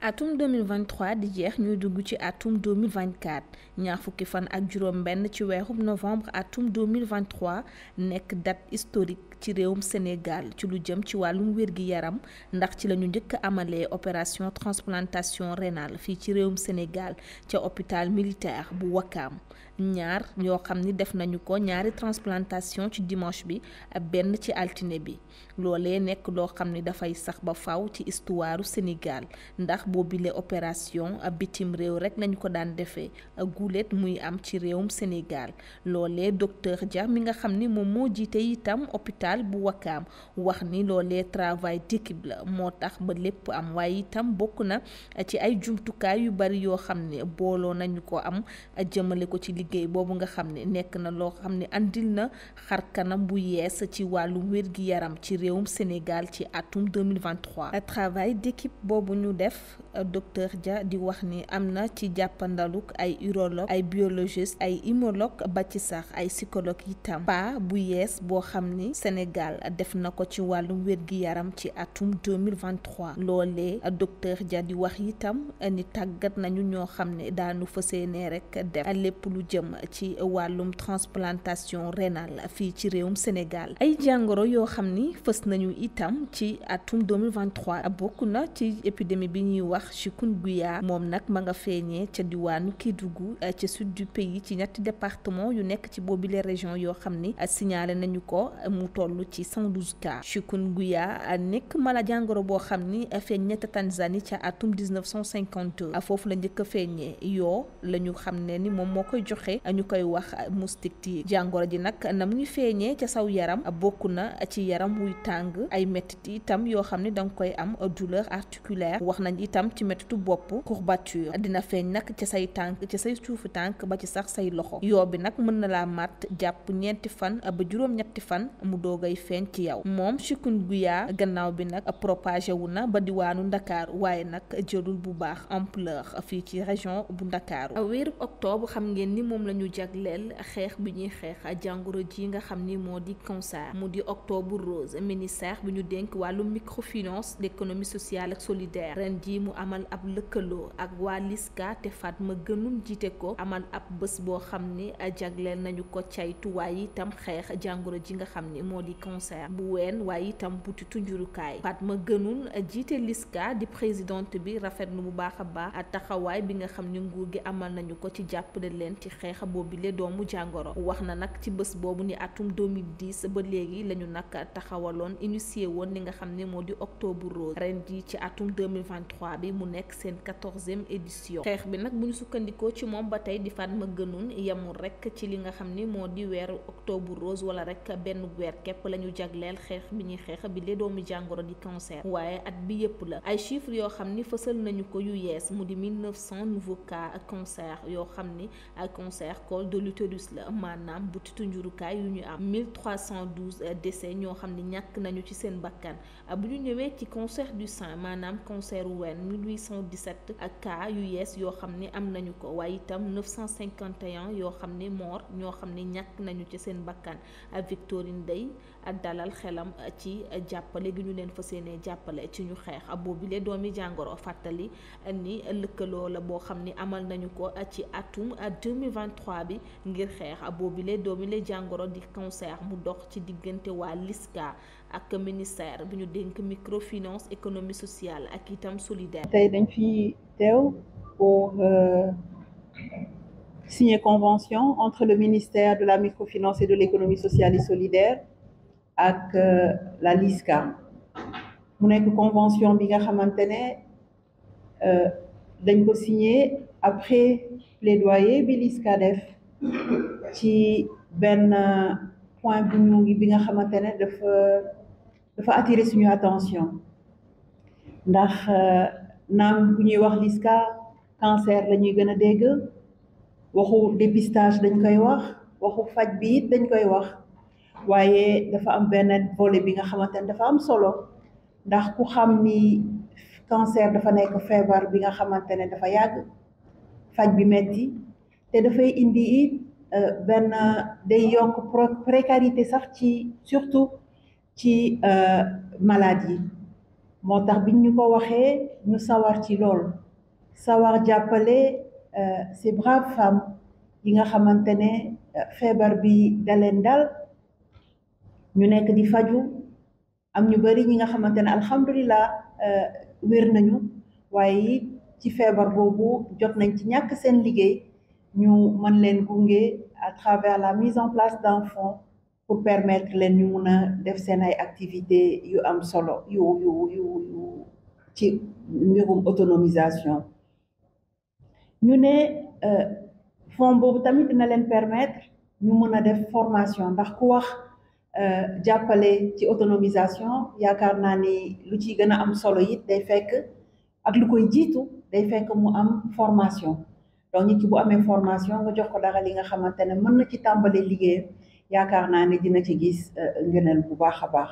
atum 2023 di jeex ñuy dugg ci atum 2024 ñaar fukki fan ak juróom benn ci weerub novembre atum 2023 nekk dat historique ci réewum Sénégal ci lu jëm ci wàllum wérgi yaram ndax ci lañu ñu njëkk amalee opération transplantation renal fii ci réewum Sénégal ca hôpital militaire bu Wakam ñaar yoo xam ni def nañu ko ñaari transplantation ci dimanche bi ak benn ci altine bi loolee nekk loo xam ni dafay sax ba faw ci istuwaaru Sénégal ndax boo boobile opération ab bitim réew rek lañu ko daan defee guuleet muy am ci réewum Sénégal loolee docteur Dia mi nga xam ni moom moo jiite itam hôpital bu wakkaam wax ni loolee travail d'équipe la moo tax ba lépp am waaye itam bokk na ci ay jumtukaay yu bari yoo xam ne booloo nañu ko am jëmale ko ci liggéey liggéey boobu nga xam ne nekk na loo xam ne andil na xar kanam bu yees ci wàllu wér-gi-yaram ci réewum Sénégal ci atum 2023 travail d'équipe boobu ñu def euh, docteur ja di wax ni am na ci jàppandaluk ay urologue ay biologiste ay immunologue ba ci sax ay psychologue itam pa bu yees boo xam ni Sénégal def na ko ci wàllum wér-gi-yaram ci atum 2023 loolee euh, docteur Dia di wax itam euh, ni tàggat nañu ñoo xam ne daanu fas yéene rek def lépp lu jëm jëm ci wàllum transplantation rénale fii ci réewum Sénégal ay jàngoro yoo xam ni fës nañu itam ci atum 2023 bokk na ci épidémie bi ñuy wax chikungunya moom nag ma nga feeñee ca diwaanu Kédougou ci sud du pays ci ñetti département yu nekk ci boobu les régions yoo xam ni signalé nañu ko mu toll ci 112 cas chikungunya nekk mala jàngoro boo xam ni feeñ ca Tanzanie ca atum 1952 foofu la njëkk a feeñee yoo la ñu xam ne ni moom moo koy joxe waxe ñu koy wax moustique ti jàngoro ji nag na mu ngi feeñee ca saw yaram bokk na ci yaram wuy tàng ay métit itam yoo xam ne danga koy am douleur articulaire wax nañ itam ci métitu bopp courbature dina feeñ nag ca say tànk ci say suufu tànk ba ci sax say loxo yoo bi nag mën na laa màtt jàpp ñeenti fan ba juróom-ñetti fan mu doogay feeñ ci yow moom chikungunya gannaaw bi nag propagé wu na ba diwaanu Ndakaar waaye nag jëlul bu baax ampleur fii ci région bu Ndakaaru moom la ñu jagleel xeex bi ñuy xeex a jàngoro ji nga xam ni moo di cancer mu di octobre rose ministère bi ñu dénk wàllu microfinance d'économie sociale ak solidaire ren ji mu amal ab lëkkaloo ak waa LISCA te ma Gënum jiite ko amal ab bés boo xam ni a jagleel nañu ko caytuwaay itam xeex jàngoro ji nga xam ni moo di cancer bu ween waaye itam butitu njurukaay Fatma Gënum jiite LISCA di présidente bi rafetlu bu baax a baax taxawaay bi xeex boobile doomu jàngoro wax na nag ci bés boobu ni atum 2010 ba léegi la ñu nag taxawaloon initié woon li nga xam ne moo di octobre rose ren ji ci atum 2023 bi mu nekk seen quatorzième édition xeex bi nag bu ñu sukkandikoo ci moom ba tey di ma Guenoune yemul rek ci li nga xam ni moo di weeru octobre rose wala rek benn weer képp la ñu jagleel xeex bi ñuy xeex bi le doomi jàngoro di cancer waaye at bi yépp la ay chiffres yoo xam ni fësal nañu ko yu yees mu di 1900 nouveaux cas cancer yoo xam ni cancer col de l'utérus la maanaam butitu njurukaay yu ñu am 1312 décès ñoo xam ne ñàkk nañu ci seen bakkan bu ñu ñëwee ci cancer du sein maanaam cancer wen 1817 ak cas yu yees yoo xam ni am nañu ko waaye itam 951 yoo xam ne mort ñoo xam ni ñàkk nañu ci seen bakkan ak Victorine Day ak dalal xelam ci jàppale gi ñu leen fas yéenee jàppale ci ñu xeex boobile doomi jàngoro fàttali ni lëkkaloo la boo xam ne amal nañu ko ci atum 2023 bi ngir xeex boobile doomile jàngoro di cancer mu dox ci diggante waa LISCA ak ministère bi ñu dénk microfinance économie sociale ak itam solidaire. tey dañ fi teew pour euh, signer convention entre le ministère de la microfinance et de l'économie sociale et solidaire ak euh, la LISCA mu nekk convention bi nga xamante ne euh, dañ ko signer. après plaidoyer bi Liska def ci benn point bu ñu bi nga xamante ne dafa dafa attirer suñu attention ndax euh, naam bu ñuy wax Liska cancer la ñuy gën a dégg waxu dépistage dañ koy wax waxu faj bi it dañ koy wax waaye dafa am benn volet bi nga xamante ne dafa am solo ndax ku xam ni cancer dafa nekk feebar bi nga xamante ne dafa yàgg faj bi metti te dafay indi it euh, benn day yokk précarité sax ci surtout ci euh, malade yi moo tax biñ ñu ko waxee ñu sawar ci lool sawar jàppale euh, ces braves femmes yi nga xamante ne feebar bi da leen dal ñu nekk di faju am ñu bari ñi nga xamante ne alhamdulilah wér nañu waaye ci feebar boobu jot nañ ci ñàkk seen liggéey ñu mën leen gunge à travers la mise en place d'un fonds pour permettre leen ñu mun a def seen ay activités yu am solo yu yu yu yu ci mbirum autonomisation ñu ne euh, fonds boobu tamit dina leen permettre ñu mën a def formation ndax ku wax euh, jàppale ci autonomisation yaakaar naa ni lu ciy gën a am solo it day fekk ak lu koy jiitu day fekk mu am formation donc nit ki bu amee formation nga jox ko dara li nga xamante ne mën na ci tàmbali liggéeyam yaakaar naa ne dina ci gis euh, ngëneel bu baax a baax.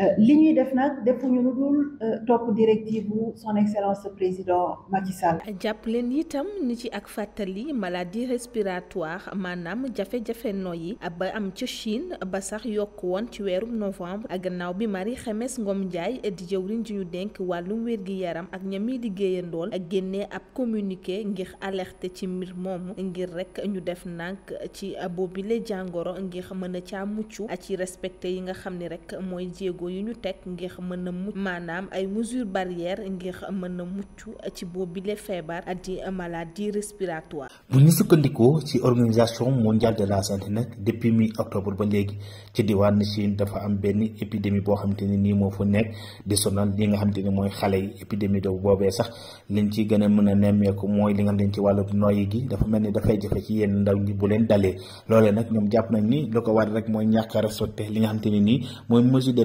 Euh, li ñuy def nag defuñu lu dul euh, topp directive bu son excellence président Macky jàpp leen itam ni ci ak fàttali maladie respiratoire maanaam jafe-jafe noyyi ba am ca Chine ba sax yokk woon ci weeru novembre a gannaaw bi Marie Khemesse Ngom Ndiaye di jëwriñ ji ñu dénk wàllum wér gi yaram ak ña muy liggéeyandool ak génnee ab communiqué ngir alerter ci mbir moomu ngir rek ñu def ndànk ci boobile jàngoro ngir mën a caa mucc ci respecté yi nga xam ni rek mooy jéego. jéego yu ñu teg ngir mën a mucc maanaam ay mesures barrières ngir mën a mucc ci boobu bile feebar di maladie respiratoire. bu ñu sukkandikoo ci organisation mondiale de la santé nag depuis mi octobre ba léegi ci diwaan Chine dafa am benn épidémie boo xamante ne nii moo fa nekk di sonal li nga xamante ne mooy xale yi épidémie doobu boobee sax liñ ci gën a mën a nemmeeku mooy li nga xam ne ci wàllu noyyi gi dafa mel ni dafay jafe ci yenn ndaw ñi bu leen dalee loolee nag ñoom jàpp nañ ni lu ko war rek mooy ñàkk a respecté li nga xamante ne nii mooy mesure de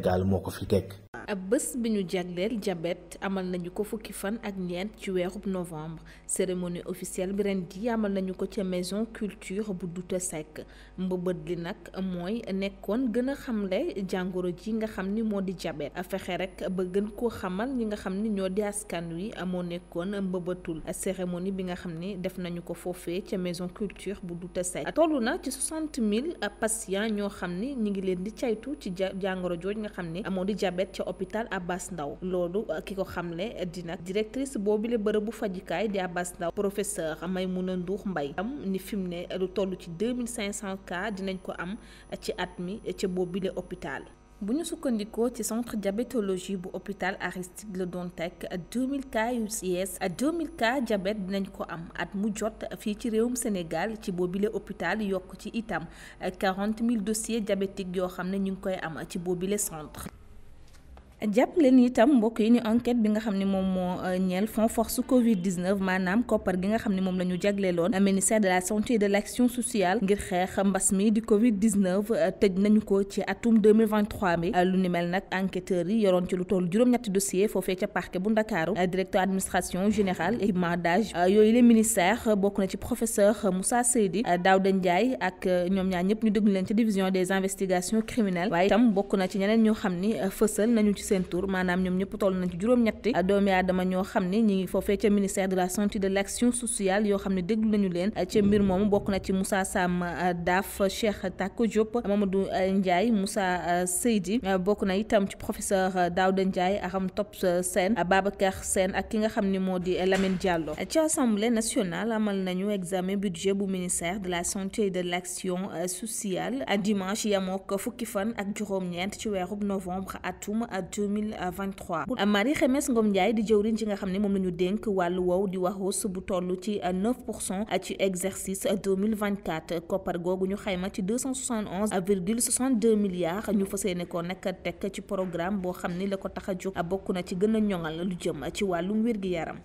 Sénégal moo ko fi teg bés bi ñu jagleel diabète amal nañu ko fukki fan ak ñeent ci weerub novembre cérémonie officielle bi ren ji amal nañu ko ca maison culture bu Douta Seck mbëbët li nag mooy nekkoon gën a xamle jàngoro ji nga xam ni moo di a fexe rek ba gën koo xamal ñi nga xam ni ñoo di askan wi moo nekkoon a mbëbëtul cérémonie bi nga xam ni def nañu ko foofee ca maison culture bu Douta Seck toll na ci soixante mille patients ñoo xam ni ñi ngi leen di caytu ci jàngoro jooj nga hôpital Abass Ndao loolu euh, ki ko xamle di nag directrice boobule bërëb bu fajukaay di Abass Ndao professeur a nduux mbay am ni fi mu ne lu toll ci 2500 cas dinañ ko am ci at mi ca boobule hôpital bu ñu sukkandikoo ci centre diabétologie bu hôpital Aristide Le Dantec 2000 cas yu yees 2000 cas diabète dinañ ko am at mu jot fii ci réewum Sénégal ci boobile hôpital yokk ci itam ak 40 000 dossiers diabétiques yoo xam ne ñu ngi koy am ci boobile centre. jàpp leen itam mbokk yi ni enquête bi nga xam ne moom moo euh, ñeel fonds force Covid 19 maanaam koppar gi nga xam ne moom la ñu jagleeloon ministère de la santé et de l' action sociale ngir xeex mbas mi di Covid 19 euh, tëj nañu ko ci atum 2023 bi lu ni mel nag enquêteurs yi yoroon ci lu toll juróom-ñetti dossier foofee ca parquet bu Ndakaaru euh, directeur administration générale équipement d'âge yooyu le ministère bokk na ci professeur Moussa Seydi de Ndiaye ak ñoom ñaar ñëpp ñu déglu leen ci division des investigations criminelles itam bokk na ci ñeneen ñoo xam ni fësal nañu ci seen tur maanaam ñoom ñëpp toll nañ ci juróom-ñetti doomi aadama ñoo xam ne ñi ngi foofee ca ministère de la santé de l' action sociale yoo xam ne déglu nañu leen ca mbir moomu bokk na ci Moussa Sam Daaf Cheikh Tako Diop Mamadou Ndiaye Moussa Seydi bokk na itam ci professeur Daouda ak ki nga xam ne moo di Lamine Diallo ci assemblée nationale amal nañu examen budget bu ministère de la santé et de l' action sociale dimanche yamook fukki fan ak juróom-ñeent ci weerub novembre atum 2023 Marie Xemes Ngom Ndiaye di jëwriñ ci nga xam ne moom la ñu dénk wàllu woow di wax hausse bu toll ci 9 pour cent ci exercice 2024 koppar googu ñu xayma ci 271 virgule 62 milliards ñu fas yéene ko nag teg ci programme boo xam ni la ko tax a jóg bokk na ci gën a ñoŋal lu jëm a ci wàllum wér yaram